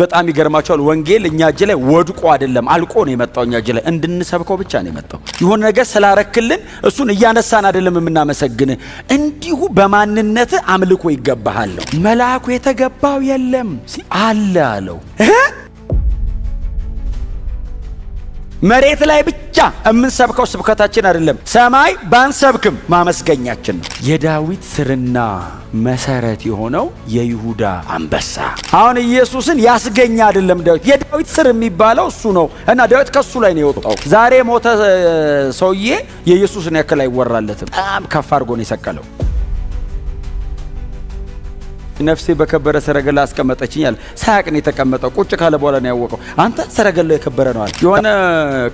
በጣም ይገርማቸዋል። ወንጌል እኛ እጅ ላይ ወድቆ አይደለም አልቆ ነው የመጣው። እኛ እጅ ላይ እንድንሰብከው ብቻ ነው የመጣው። የሆነ ነገር ስላረክልን እሱን እያነሳን አይደለም የምናመሰግን፣ እንዲሁ በማንነት አምልኮ ይገባሃል ነው መልአኩ የተገባው የለም አለ አለው መሬት ላይ ብቻ የምንሰብከው ስብከታችን አይደለም፣ ሰማይ ባንሰብክም ማመስገኛችን ነው። የዳዊት ስርና መሰረት የሆነው የይሁዳ አንበሳ አሁን ኢየሱስን ያስገኛ አይደለም። ዳዊት የዳዊት ስር የሚባለው እሱ ነው እና ዳዊት ከሱ ላይ ነው የወጣው። ዛሬ ሞተ ሰውዬ የኢየሱስን ያክል አይወራለትም። በጣም ከፍ አድርጎ ነው የሰቀለው። ነፍሴ በከበረ ሰረገላ አስቀመጠችኝ አለ። ሳያቅ ነው የተቀመጠው። ቁጭ ካለ በኋላ ነው ያወቀው። አንተ ሰረገላው የከበረ ነው አለ። የሆነ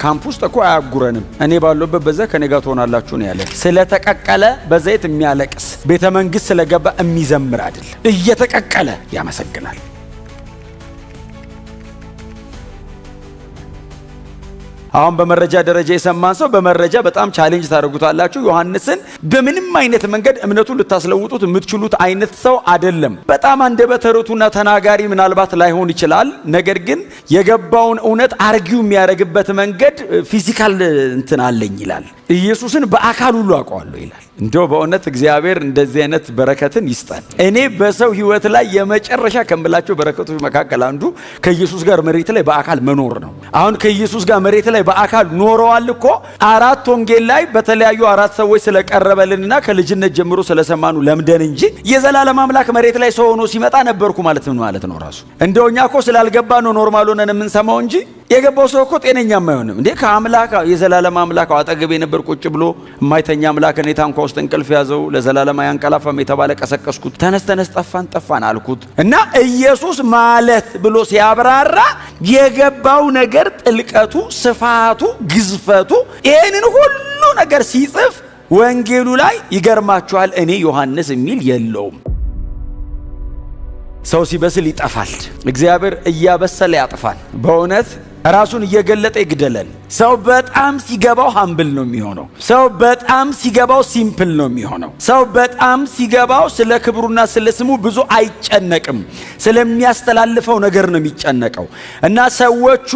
ካምፕ ውስጥ እኮ አያጉረንም። እኔ ባለበት በዛ ከኔ ጋር ትሆናላችሁ ነው ያለ። ስለተቀቀለ በዘይት የሚያለቅስ ቤተ መንግስት ስለገባ የሚዘምር አይደለም። እየተቀቀለ ያመሰግናል። አሁን በመረጃ ደረጃ የሰማን ሰው በመረጃ በጣም ቻሌንጅ ታደርጉታላችሁ። ዮሐንስን በምንም አይነት መንገድ እምነቱን ልታስለውጡት የምትችሉት አይነት ሰው አይደለም። በጣም አንደበተ ርቱዕና ተናጋሪ ምናልባት ላይሆን ይችላል። ነገር ግን የገባውን እውነት አርጊው የሚያደርግበት መንገድ ፊዚካል እንትን አለኝ ይላል። ኢየሱስን በአካል ሁሉ አውቀዋለሁ ይላል። እንዲያው በእውነት እግዚአብሔር እንደዚህ አይነት በረከትን ይስጣል። እኔ በሰው ህይወት ላይ የመጨረሻ ከምላቸው በረከቶች መካከል አንዱ ከኢየሱስ ጋር መሬት ላይ በአካል መኖር ነው። አሁን ከኢየሱስ ጋር መሬት ላይ በአካል ኖረዋል እኮ አራት ወንጌል ላይ በተለያዩ አራት ሰዎች ስለቀረበልንና ከልጅነት ጀምሮ ስለሰማኑ ለምደን እንጂ የዘላለም አምላክ መሬት ላይ ሰው ሆኖ ሲመጣ ነበርኩ ማለት ምን ማለት ነው? ራሱ እንደው እኛ እኮ ስላልገባ ነው ኖርማል ሆነን የምንሰማው እንጂ የገባው ሰው እኮ ጤነኛም አይሆንም እንዴ። ከአምላክ የዘላለም አምላክ አጠገብ ነበር ቁጭ ብሎ የማይተኛ አምላክ እኔ ታንኳ ውስጥ እንቅልፍ ያዘው ለዘላለም አያንቀላፋም የተባለ ቀሰቀስኩት። ተነስ ተነስ፣ ጠፋን ጠፋን አልኩት እና ኢየሱስ ማለት ብሎ ሲያብራራ የገባው ነገር ጥልቀቱ፣ ስፋቱ፣ ግዝፈቱ ይህንን ሁሉ ነገር ሲጽፍ ወንጌሉ ላይ ይገርማችኋል፣ እኔ ዮሐንስ የሚል የለውም። ሰው ሲበስል ይጠፋል። እግዚአብሔር እያበሰለ ያጥፋል በእውነት ራሱን እየገለጠ ይግደለል። ሰው በጣም ሲገባው ሀምብል ነው የሚሆነው። ሰው በጣም ሲገባው ሲምፕል ነው የሚሆነው። ሰው በጣም ሲገባው ስለ ክብሩና ስለ ስሙ ብዙ አይጨነቅም። ስለሚያስተላልፈው ነገር ነው የሚጨነቀው እና ሰዎቹ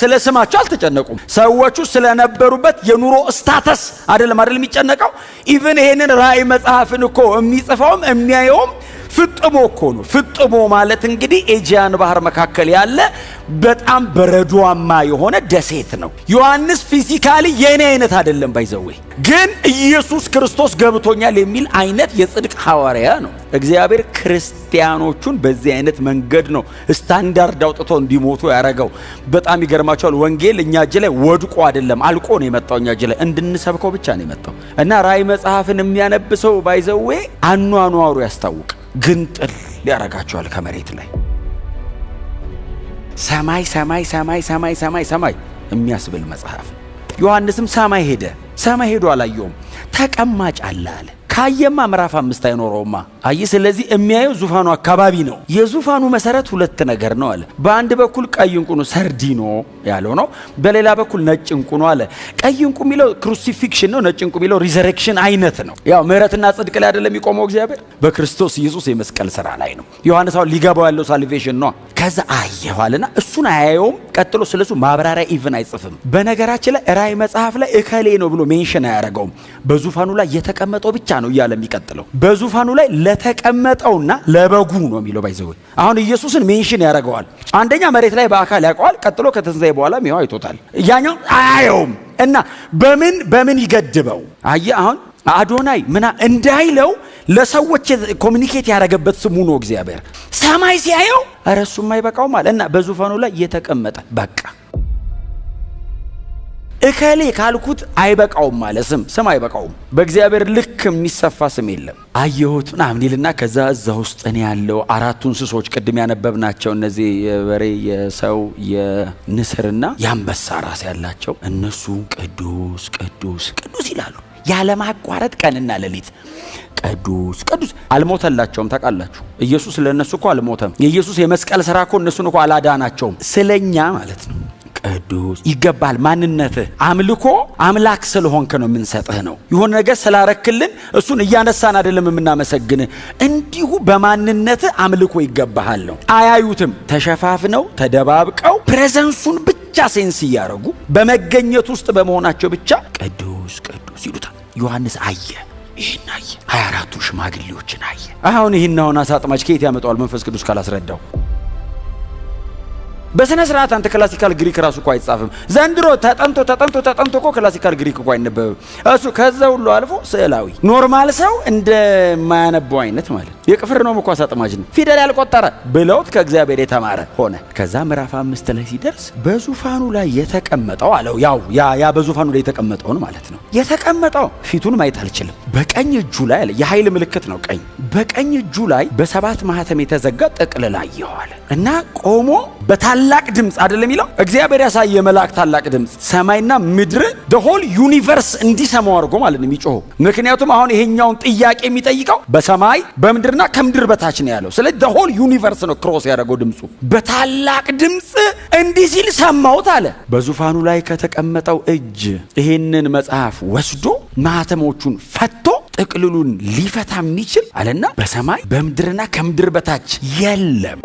ስለ ስማቸው አልተጨነቁም። ሰዎቹ ስለነበሩበት የኑሮ ስታተስ አይደለም አደለም የሚጨነቀው ኢቨን ይሄንን ራእይ መጽሐፍን እኮ የሚጽፈውም የሚያየውም ፍጥሞ እኮ ነው። ፍጥሞ ማለት እንግዲህ ኤጂያን ባህር መካከል ያለ በጣም በረዷማ የሆነ ደሴት ነው። ዮሐንስ ፊዚካሊ የእኔ አይነት አይደለም፣ ባይዘዌ ግን ኢየሱስ ክርስቶስ ገብቶኛል የሚል አይነት የጽድቅ ሐዋርያ ነው። እግዚአብሔር ክርስቲያኖቹን በዚህ አይነት መንገድ ነው ስታንዳርድ አውጥቶ እንዲሞቱ ያደረገው። በጣም ይገርማቸዋል። ወንጌል እኛ እጅ ላይ ወድቆ አይደለም አልቆ ነው የመጣው። እኛ እጅ ላይ እንድንሰብከው ብቻ ነው የመጣው እና ራእይ መጽሐፍን የሚያነብሰው ባይዘዌ አኗኗሩ ያስታውቅ ግንጥል ሊያረጋቸዋል ከመሬት ላይ ሰማይ ሰማይ ሰማይ ሰማይ ሰማይ ሰማይ የሚያስብል መጽሐፍ ዮሐንስም ሰማይ ሄደ፣ ሰማይ ሄዶ አላየውም፣ ተቀማጭ አለ አለ። ካየማ ምዕራፍ አምስት አይኖረውማ አይ ስለዚህ የሚያየው ዙፋኑ አካባቢ ነው። የዙፋኑ መሰረት ሁለት ነገር ነው አለ። በአንድ በኩል ቀይ እንቁ ነው ሰርዲኖ ያለው ነው፣ በሌላ በኩል ነጭ እንቁ ነው አለ። ቀይ እንቁ የሚለው ክሩሲፊክሽን ነው፣ ነጭ እንቁ የሚለው ሪዘሬክሽን አይነት ነው። ያው ምህረትና ጽድቅ ላይ አይደለም የሚቆመው እግዚአብሔር በክርስቶስ ኢየሱስ የመስቀል ስራ ላይ ነው። ዮሐንስ አሁን ሊገባው ያለው ሳልቬሽን ነው። ከዛ አየኋልና እሱን አያየውም። ቀጥሎ ስለሱ ማብራሪያ ኢቭን አይጽፍም። በነገራችን ላይ ራእይ መጽሐፍ ላይ እከሌ ነው ብሎ ሜንሽን አያደርገውም። በዙፋኑ ላይ የተቀመጠው ብቻ ነው እያለ የሚቀጥለው በዙፋኑ ላይ ለተቀመጠውና ለበጉ ነው የሚለው ባይዘው። አሁን ኢየሱስን ሜንሽን ያደርገዋል። አንደኛ መሬት ላይ በአካል ያውቀዋል። ቀጥሎ ከተንሳይ በኋላ ያው አይቶታል። እያኛው አያየውም እና በምን በምን ይገድበው? አየ አሁን አዶናይ ምና እንዳይለው ለሰዎች ኮሚኒኬት ያደረገበት ስሙ ነው። እግዚአብሔር ሰማይ ሲያየው እረሱም አይበቃውም አለ እና በዙፋኑ ላይ እየተቀመጠ በቃ እከሌ ካልኩት አይበቃውም ማለት ስም ስም አይበቃውም። በእግዚአብሔር ልክ የሚሰፋ ስም የለም። አየሁት ምናምን ይልና ከዛ እዛ ውስጥ እኔ ያለው አራቱ እንስሶች ቅድም ያነበብናቸው እነዚህ የበሬ፣ የሰው፣ የንስርና የአንበሳ ራስ ያላቸው እነሱ ቅዱስ ቅዱስ ቅዱስ ይላሉ ያለማቋረጥ ቀንና ሌሊት ቅዱስ ቅዱስ አልሞተላቸውም። ታውቃላችሁ ኢየሱስ ለእነሱ እኮ አልሞተም። የኢየሱስ የመስቀል ስራ እኮ እነሱን እኮ አላዳናቸውም። ስለኛ ማለት ነው ቅዱስ ይገባል። ማንነትህ አምልኮ አምላክ ስለሆንክ ነው የምንሰጥህ ነው። የሆነ ነገር ስላረክልን እሱን እያነሳን አይደለም የምናመሰግንህ። እንዲሁ በማንነትህ አምልኮ ይገባሃል ነው። አያዩትም። ተሸፋፍነው ተደባብቀው ፕሬዘንሱን ብቻ ሴንስ እያደረጉ በመገኘት ውስጥ በመሆናቸው ብቻ ቅዱስ ቅዱስ ይሉታል። ዮሐንስ አየ ይህን አየ። 24ቱ ሽማግሌዎችን አየ። አሁን ይህን አሁን አሳ ከየት ያመጣዋል መንፈስ ቅዱስ ካላስረዳው? በስነ ስርዓት አንተ ክላሲካል ግሪክ ራሱ እኮ አይጻፍም ዘንድሮ። ተጠንቶ ተጠንቶ ተጠንቶ እኮ ክላሲካል ግሪክ እኮ አይነበብም። እሱ ከዛ ሁሉ አልፎ ስዕላዊ ኖርማል ሰው እንደማያነበው አይነት ማለት ነው እኮ አሳጥማጅ ነው፣ ፊደል ያልቆጠረ ብለውት ከእግዚአብሔር የተማረ ሆነ። ከዛ ምዕራፍ አምስት ላይ ሲደርስ በዙፋኑ ላይ የተቀመጠው አለው። ያው ያ በዙፋኑ ላይ የተቀመጠውን ማለት ነው። የተቀመጠው ፊቱን ማየት አልችልም። በቀኝ እጁ ላይ አለ፣ የኃይል ምልክት ነው ቀኝ። በቀኝ እጁ ላይ በሰባት ማህተም የተዘጋ ጥቅልል አየዋል እና ቆሞ በታላቅ ድምፅ አይደለም የሚለው እግዚአብሔር ያሳየ መልአክ ታላቅ ድምፅ ሰማይና ምድር ሆል ዩኒቨርስ እንዲሰማው አድርጎ ማለት ነው የሚጮኸው። ምክንያቱም አሁን ይሄኛውን ጥያቄ የሚጠይቀው በሰማይ በምድር ከምድርና ከምድር በታች ነው ያለው። ስለዚህ ሆል ዩኒቨርስ ነው ክሮስ ያደረገው ድምፁ። በታላቅ ድምፅ እንዲህ ሲል ሰማሁት አለ። በዙፋኑ ላይ ከተቀመጠው እጅ ይሄንን መጽሐፍ ወስዶ ማህተሞቹን ፈቶ ጥቅልሉን ሊፈታ የሚችል አለና በሰማይ በምድርና ከምድር በታች የለም።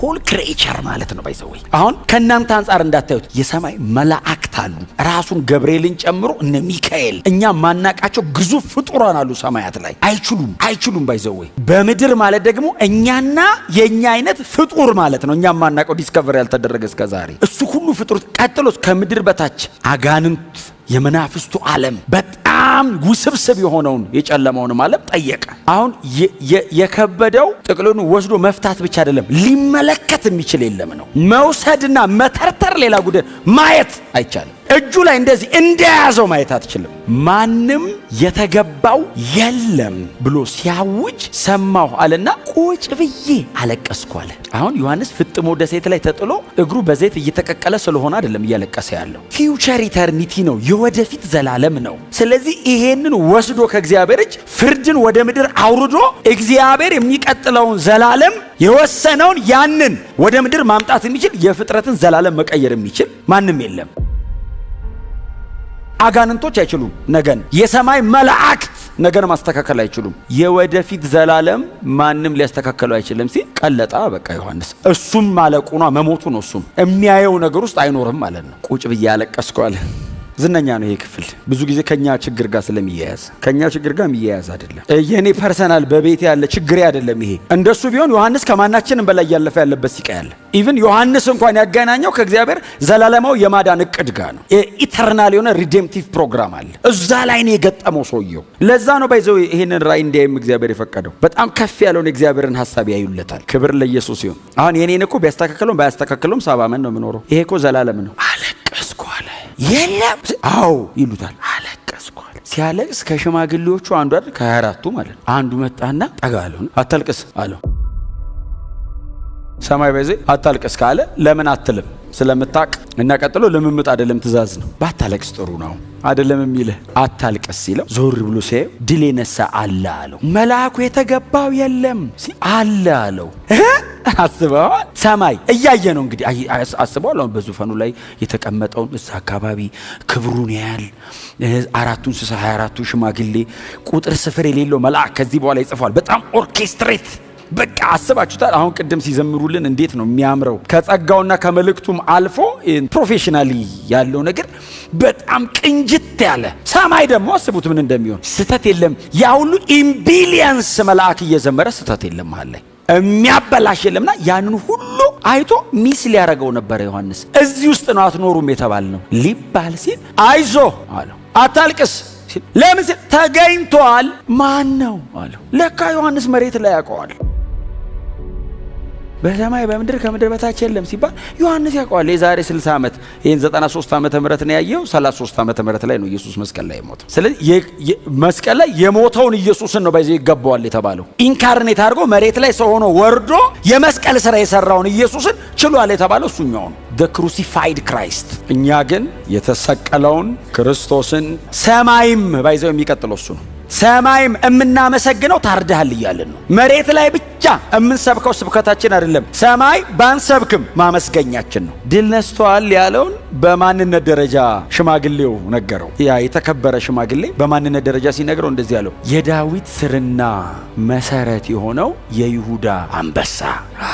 ሆል ክሬቸር ማለት ነው። ባይዘወይ አሁን ከእናንተ አንጻር እንዳታዩት የሰማይ መላእክት አሉ፣ ራሱን ገብርኤልን ጨምሮ እነ ሚካኤል፣ እኛ ማናቃቸው ግዙፍ ፍጡራን አሉ ሰማያት ላይ። አይችሉም አይችሉም። ባይዘወይ በምድር ማለት ደግሞ እኛና የእኛ አይነት ፍጡር ማለት ነው። እኛ ማናቀው ዲስከቨር ያልተደረገ እስከ ዛሬ እሱ ሁሉ ፍጡር። ቀጥሎስ ከምድር በታች አጋንንት፣ የመናፍስቱ ዓለም በጣም በጣም ውስብስብ የሆነውን የጨለመውን ዓለም ጠየቀ። አሁን የከበደው ጥቅሉን ወስዶ መፍታት ብቻ አይደለም፣ ሊመለከት የሚችል የለም ነው። መውሰድና መተርተር ሌላ ጉዳይ፣ ማየት አይቻልም። እጁ ላይ እንደዚህ እንደያዘው ማየት አትችልም። ማንም የተገባው የለም ብሎ ሲያውጅ ሰማሁ አለና ቁጭ ብዬ አለቀስኩ አለ። አሁን ዮሐንስ ፍጥሞ ደሴት ላይ ተጥሎ እግሩ በዘይት እየተቀቀለ ስለሆነ አይደለም እያለቀሰ ያለው። ፊውቸር ኢተርኒቲ ነው፣ የወደፊት ዘላለም ነው። ስለዚህ ይሄንን ወስዶ ከእግዚአብሔር እጅ ፍርድን ወደ ምድር አውርዶ እግዚአብሔር የሚቀጥለውን ዘላለም የወሰነውን ያንን ወደ ምድር ማምጣት የሚችል የፍጥረትን ዘላለም መቀየር የሚችል ማንም የለም። አጋንንቶች አይችሉም። ነገን የሰማይ መላእክት ነገን ማስተካከል አይችሉም። የወደፊት ዘላለም ማንም ሊያስተካከለው አይችልም ሲል ቀለጣ በቃ ዮሐንስ። እሱም ማለቁና መሞቱ ነው። እሱም የሚያየው ነገር ውስጥ አይኖርም ማለት ነው። ቁጭ ብዬ አለቀስኳል። ዝነኛ ነው ይሄ ክፍል ብዙ ጊዜ ከኛ ችግር ጋር ስለሚያያዝ ከኛ ችግር ጋር የሚያያዝ አይደለም። የእኔ ፐርሰናል በቤት ያለ ችግሬ አይደለም ይሄ። እንደሱ ቢሆን ዮሐንስ ከማናችንም በላይ እያለፈ ያለበት ሲቃ ያለ ኢቭን ዮሐንስ እንኳን ያገናኘው ከእግዚአብሔር ዘላለማው የማዳን እቅድ ጋር ነው። ኢተርናል የሆነ ሪዴምቲቭ ፕሮግራም አለ። እዛ ላይ ነው የገጠመው ሰውየው። ለዛ ነው ባይዘው ይህንን ራይ እንዲያይም እግዚአብሔር የፈቀደው። በጣም ከፍ ያለውን የእግዚአብሔርን ሀሳብ ያዩለታል። ክብር ለኢየሱስ ይሁን። አሁን የኔን እኮ ቢያስተካክለውም ባያስተካክለውም ሰባ ዓመት ነው የምኖረው። ይሄ እኮ ዘላለም ነው። የለም አዎ ይሉታል። አለቀስኳል። ሲያለቅስ ከሽማግሌዎቹ አንዱ አይደል ከሀያ አራቱ ማለት ነው። አንዱ መጣና ጠጋ አለሁ አታልቅስ አለው። ሰማይ በዜ አታልቅስ ካለ ለምን አትልም? ስለምታቅ እና ቀጥሎ ልምምጥ አይደለም ትእዛዝ ነው። ባታለቅስ ጥሩ ነው አይደለም የሚልህ አታልቀስ ሲለው ዞር ብሎ ሲያየው ድል የነሳ አለ አለው። መልአኩ የተገባው የለም አለ አለው። አስበዋል። ሰማይ እያየ ነው እንግዲህ አስበዋል። አሁን በዙፋኑ ላይ የተቀመጠውን እዛ አካባቢ ክብሩን ያል አራቱ እንስሳ፣ ሀያ አራቱ ሽማግሌ ቁጥር ስፍር የሌለው መልአክ ከዚህ በኋላ ይጽፏል። በጣም ኦርኬስትሬት በቃ አስባችሁታል። አሁን ቅድም ሲዘምሩልን እንዴት ነው የሚያምረው! ከጸጋውና ከመልእክቱም አልፎ ፕሮፌሽናሊ ያለው ነገር በጣም ቅንጅት ያለ ሰማይ ደግሞ አስቡት ምን እንደሚሆን ስተት የለም። ያ ሁሉ ኢምቢሊየንስ መልአክ እየዘመረ ስተት የለም አለ የሚያበላሽ የለምና ያንን ሁሉ አይቶ ሚስ ሊያደረገው ነበረ። ዮሐንስ እዚህ ውስጥ ነው አትኖሩም የተባል ነው ሊባል ሲል አይዞ አለው። አታልቅስ ለምን ሲል ተገኝቷል። ማን ነው አለው። ለካ ዮሐንስ መሬት ላይ ያውቀዋል። በሰማይ በምድር ከምድር በታች የለም ሲባል ዮሐንስ ያውቀዋል። የዛሬ 60 ዓመት ይህን 93 ዓመተ ምህረት ነው ያየው። 33 ዓመተ ምህረት ላይ ነው ኢየሱስ መስቀል ላይ የሞተው። ስለዚህ መስቀል ላይ የሞተውን ኢየሱስን ነው ባይዘው ይገባዋል የተባለው። ኢንካርኔት አድርጎ መሬት ላይ ሰው ሆኖ ወርዶ የመስቀል ስራ የሰራውን ኢየሱስን ችሏል የተባለው እሱኛው ነው ዘ ክሩሲፋይድ ክራይስት። እኛ ግን የተሰቀለውን ክርስቶስን ሰማይም ባይዘው የሚቀጥለው እሱ ነው። ሰማይም እምናመሰግነው ታርዳሃል እያለን ነው። መሬት ላይ ብቻ የምንሰብከው ስብከታችን አይደለም። ሰማይ ባንሰብክም ማመስገኛችን ነው። ድል ነስተዋል ያለውን በማንነት ደረጃ ሽማግሌው ነገረው። ያ የተከበረ ሽማግሌ በማንነት ደረጃ ሲነግረው እንደዚህ ያለው የዳዊት ስርና መሰረት የሆነው የይሁዳ አንበሳ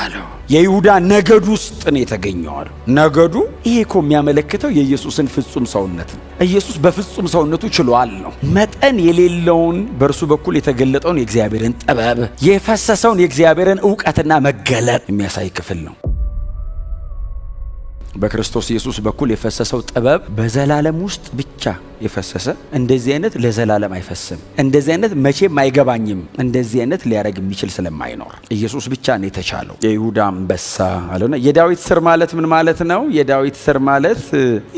አለው። የይሁዳ ነገድ ውስጥ ነው የተገኘዋል። ነገዱ ይሄ እኮ የሚያመለክተው የኢየሱስን ፍጹም ሰውነት ነው። ኢየሱስ በፍጹም ሰውነቱ ችሏል ነው መጠን የሌለውን በእርሱ በኩል የተገለጠውን የእግዚአብሔርን ጥበብ የፈሰሰውን የእግዚአብሔርን እውቀትና መገለጥ የሚያሳይ ክፍል ነው። በክርስቶስ ኢየሱስ በኩል የፈሰሰው ጥበብ በዘላለም ውስጥ ብቻ የፈሰሰ እንደዚህ አይነት ለዘላለም አይፈስም። እንደዚህ አይነት መቼም አይገባኝም። እንደዚህ አይነት ሊያደረግ የሚችል ስለማይኖር ኢየሱስ ብቻ ነው የተቻለው። የይሁዳ አንበሳ አለና የዳዊት ስር ማለት ምን ማለት ነው? የዳዊት ስር ማለት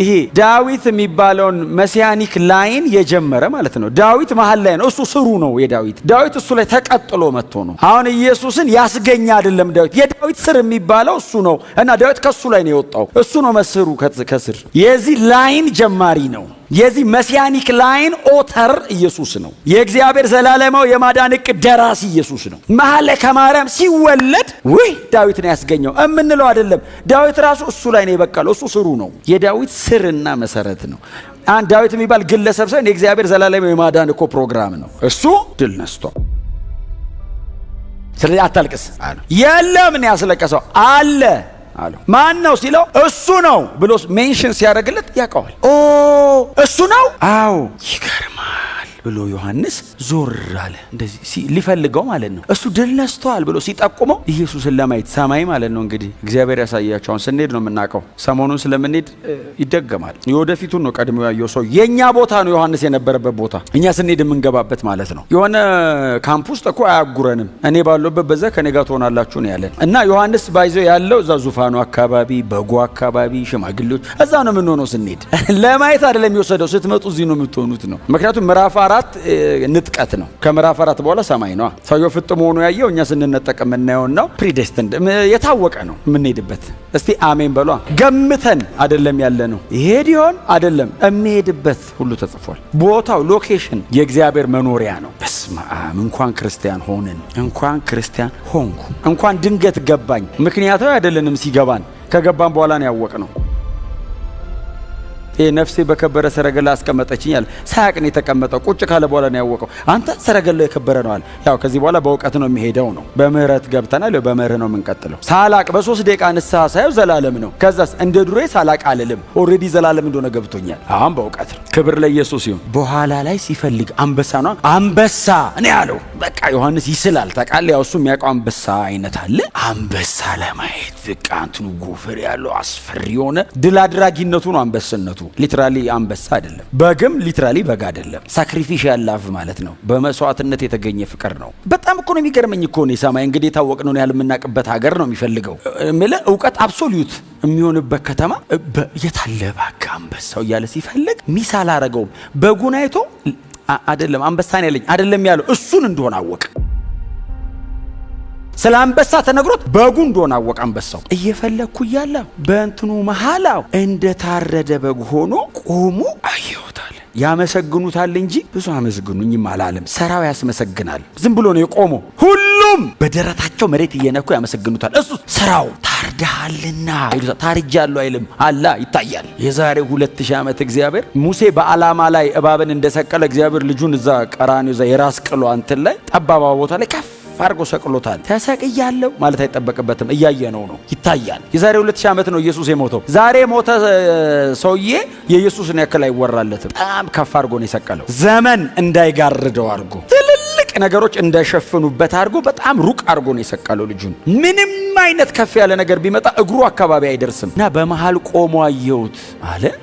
ይሄ ዳዊት የሚባለውን መሲያኒክ ላይን የጀመረ ማለት ነው። ዳዊት መሀል ላይ ነው። እሱ ስሩ ነው የዳዊት ዳዊት እሱ ላይ ተቀጥሎ መጥቶ ነው። አሁን ኢየሱስን ያስገኛ አይደለም ዳዊት የዳዊት ስር የሚባለው እሱ ነው እና ዳዊት ከሱ ላይ ነው የወጣው እሱ ነው መስሩ ከስር የዚህ ላይን ጀማሪ ነው። የዚህ መሲያኒክ ላይን ኦተር ኢየሱስ ነው። የእግዚአብሔር ዘላለማው የማዳን እቅድ ደራሲ ኢየሱስ ነው። መሀል ላይ ከማርያም ሲወለድ ውህ ዳዊት ነው ያስገኘው እምንለው አይደለም። ዳዊት ራሱ እሱ ላይ ነው የበቀለው። እሱ ስሩ ነው፣ የዳዊት ስርና መሰረት ነው። አንድ ዳዊት የሚባል ግለሰብ ሳይሆን የእግዚአብሔር ዘላለማው የማዳን እኮ ፕሮግራም ነው። እሱ ድል ነስቷል። ስለዚህ አታልቅስ የለም ያስለቀሰው አለ አለው። ማን ነው ሲለው እሱ ነው ብሎ ሜንሽን ሲያደርግለት ያውቀዋል። ኦ እሱ ነው። አዎ ይገርም ብሎ ዮሐንስ ዞር አለ። እንደዚህ ሊፈልገው ማለት ነው። እሱ ድል ነስተዋል ብሎ ሲጠቁመው ኢየሱስን ለማየት ሰማይ ማለት ነው። እንግዲህ እግዚአብሔር ያሳያቸውን ስንሄድ ነው የምናውቀው። ሰሞኑን ስለምንሄድ ይደገማል። የወደፊቱን ነው ቀድሞ ያየው ሰው። የእኛ ቦታ ነው ዮሐንስ የነበረበት ቦታ፣ እኛ ስንሄድ የምንገባበት ማለት ነው። የሆነ ካምፕ ውስጥ እኮ አያጉረንም። እኔ ባለበት በዛ ከኔ ጋር ትሆናላችሁ ነው ያለን እና ዮሐንስ ባይዘው ያለው እዛ ዙፋኑ አካባቢ፣ በጎ አካባቢ፣ ሽማግሌዎች እዛ ነው የምንሆነው ስንሄድ። ለማየት አይደለም የወሰደው። ስትመጡ እዚህ ነው የምትሆኑት ነው ምክንያቱም ምዕራፍ አራት ንጥቀት ነው። ከምዕራፍ አራት በኋላ ሰማይ ነዋ። ሰውየው ፍጥ ሆኖ ያየው እኛ ስንነጠቅ የምናየውን ነው። ፕሪዴስትንድ የታወቀ ነው የምንሄድበት። እስቲ አሜን በሏ። ገምተን አደለም ያለ ነው። ይሄድ ይሆን አደለም የሚሄድበት ሁሉ ተጽፏል። ቦታው ሎኬሽን የእግዚአብሔር መኖሪያ ነው። በስመ አብ! እንኳን ክርስቲያን ሆንን፣ እንኳን ክርስቲያን ሆንኩ፣ እንኳን ድንገት ገባኝ። ምክንያታዊ አይደለንም። ሲገባን ከገባን በኋላ ነው ያወቅ ነው። ይሄ ነፍሴ በከበረ ሰረገላ አስቀመጠችኝ አለ። ሳያቅ የተቀመጠው። ቁጭ ካለ በኋላ ነው ያወቀው። አንተ ሰረገላ የከበረ ነው አለ። ያው ከዚህ በኋላ በእውቀት ነው የሚሄደው ነው። በምህረት ገብተናል። በምህር ነው የምንቀጥለው። ሳላቅ በሶስት ደቂቃ ንስሐ ሳየው ዘላለም ነው። ከዛስ እንደ ድሮዬ ሳላቅ አልልም። ኦልሬዲ ዘላለም እንደሆነ ገብቶኛል። አሁን በእውቀት ነው። ክብር ለኢየሱስ ይሁን። በኋላ ላይ ሲፈልግ አንበሳ ነው አንበሳ እኔ ያለው በቃ ዮሐንስ ይስላል። ተቃለ ያው እሱ የሚያውቀው አንበሳ አይነት አለ። አንበሳ ለማየት በቃ እንትኑ ጎፈር ያለው አስፈሪ የሆነ ድል አድራጊነቱ ነው አንበስነቱ ሊትራሊ አንበሳ አይደለም፣ በግም ሊትራሊ በግ አይደለም። ሳክሪፊሻል ላቭ ማለት ነው። በመስዋዕትነት የተገኘ ፍቅር ነው። በጣም እኮ ነው የሚገርመኝ እኮ ነው የሰማይ እንግዲህ የታወቅ ነው ያህል የምናቅበት ሀገር ነው የሚፈልገው ምለ እውቀት አብሶሉት የሚሆንበት ከተማ የታለ ባክ አንበሳው እያለ ሲፈልግ ሚስ አላረገውም። በጉን አይቶ አይደለም አንበሳን ያለኝ አደለም ያለው እሱን እንደሆነ አወቅ ስለ አንበሳ ተነግሮት በጉ እንደሆነ አወቀ። አንበሳው እየፈለግኩ እያለሁ በእንትኑ መሃላው እንደ ታረደ በግ ሆኖ ቆሞ አየሁታል። ያመሰግኑታል እንጂ ብዙ አመስግኑኝም አላለም። ሰራው ያስመሰግናል። ዝም ብሎ ነው የቆሞ። ሁሉም በደረታቸው መሬት እየነኩ ያመሰግኑታል። እሱ ሰራው ታርዳሃልና ይሉታል። ታርጃለሁ አይልም። አላ ይታያል። የዛሬ ሁለት ሺህ ዓመት እግዚአብሔር ሙሴ በዓላማ ላይ እባብን እንደሰቀለ እግዚአብሔር ልጁን እዛ ቀራኒ እዛ የራስ ቅሎ እንትን ላይ ጠባባ ቦታ ላይ ከፍ አርጎ ሰቅሎታል። ተሰቅያለሁ ማለት አይጠበቅበትም። እያየ ነው፣ ይታያል። የዛሬ 2000 ዓመት ነው ኢየሱስ የሞተው። ዛሬ ሞተ ሰውዬ የኢየሱስን ያክል አይወራለትም። በጣም ከፍ አድርጎ ነው የሰቀለው። ዘመን እንዳይጋርደው አርጎ ትልልቅ ነገሮች እንዳይሸፍኑበት አድርጎ በጣም ሩቅ አድርጎ ነው የሰቀለው ልጁን። ምንም አይነት ከፍ ያለ ነገር ቢመጣ እግሩ አካባቢ አይደርስም እና በመሃል ቆሞ አየሁት አለ።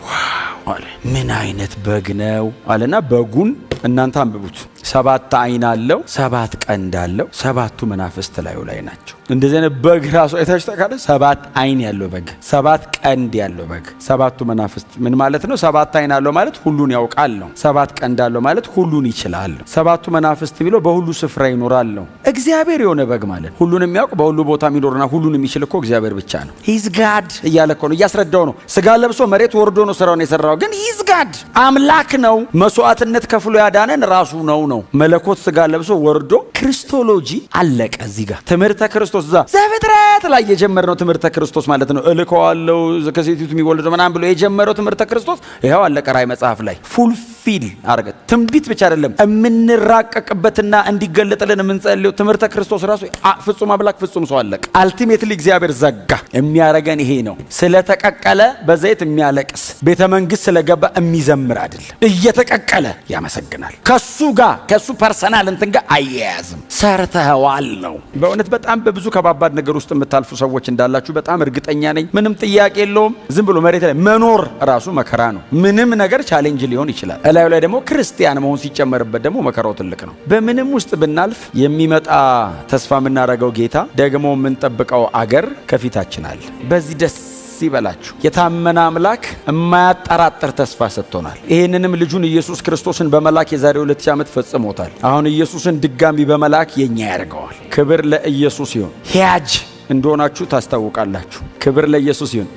ምን አይነት በግ ነው አለና በጉን እናንተ አንብቡት ሰባት አይን አለው፣ ሰባት ቀንድ አለው። ሰባቱ መናፍስት ላዩ ላይ ናቸው። እንደዚህ አይነት በግ ራሱ አይታችሁ ታውቃላችሁ? ሰባት አይን ያለው በግ፣ ሰባት ቀንድ ያለው በግ። ሰባቱ መናፍስት ምን ማለት ነው? ሰባት አይን አለው ማለት ሁሉን ያውቃል ነው። ሰባት ቀንድ አለው ማለት ሁሉን ይችላል። ሰባቱ መናፍስት ቢለው በሁሉ ስፍራ ይኖራል ነው። እግዚአብሔር የሆነ በግ ማለት ሁሉን የሚያውቅ በሁሉ ቦታ የሚኖርና ሁሉን የሚችል እኮ እግዚአብሔር ብቻ ነው። ሂዝ ጋድ እያለ እኮ ነው፣ እያስረዳው ነው። ስጋ ለብሶ መሬት ወርዶ ነው ስራውን የሰራው፣ ግን ሂዝ ጋድ አምላክ ነው። መስዋዕትነት ከፍሎ ያዳነን ራሱ ነው ነው መለኮት ስጋ ለብሶ ወርዶ ክርስቶሎጂ አለቀ። እዚህ ጋር ትምህርተ ክርስቶስ እዛ ዘፍጥረት ላይ የጀመርነው ትምህርተ ክርስቶስ ማለት ነው። እልከዋለው ከሴቲቱ የሚወልደው ምናምን ብሎ የጀመረው ትምህርተ ክርስቶስ ይኸው አለቀ። ራእይ መጽሐፍ ላይ ፉልፍ ፊል አረገ። ትንቢት ብቻ አይደለም የምንራቀቅበትና እንዲገለጥልን የምንጸልየው ትምህርተ ክርስቶስ ራሱ ፍጹም አምላክ ፍጹም ሰው አለቅ። አልቲሜትሊ እግዚአብሔር ዘጋ የሚያረገን ይሄ ነው። ስለተቀቀለ በዘይት የሚያለቅስ ቤተ መንግስት ስለገባ የሚዘምር አይደለም። እየተቀቀለ ያመሰግናል። ከሱ ጋር ከሱ ፐርሰናል እንትን ጋር አያያዝም። ሰርተኸዋል ነው። በእውነት በጣም በብዙ ከባባድ ነገር ውስጥ የምታልፉ ሰዎች እንዳላችሁ በጣም እርግጠኛ ነኝ። ምንም ጥያቄ የለውም። ዝም ብሎ መሬት ላይ መኖር ራሱ መከራ ነው። ምንም ነገር ቻሌንጅ ሊሆን ይችላል። በላዩ ላይ ደግሞ ክርስቲያን መሆን ሲጨመርበት ደግሞ መከራው ትልቅ ነው። በምንም ውስጥ ብናልፍ የሚመጣ ተስፋ የምናደርገው ጌታ ደግሞ የምንጠብቀው አገር ከፊታችን አለ። በዚህ ደስ ይበላችሁ። የታመነ አምላክ የማያጠራጥር ተስፋ ሰጥቶናል። ይህንንም ልጁን ኢየሱስ ክርስቶስን በመላክ የዛሬ 2000 ዓመት ፈጽሞታል። አሁን ኢየሱስን ድጋሚ በመላክ የኛ ያደርገዋል። ክብር ለኢየሱስ ይሁን። ሕያጅ እንደሆናችሁ ታስታውቃላችሁ። ክብር ለኢየሱስ ይሁን።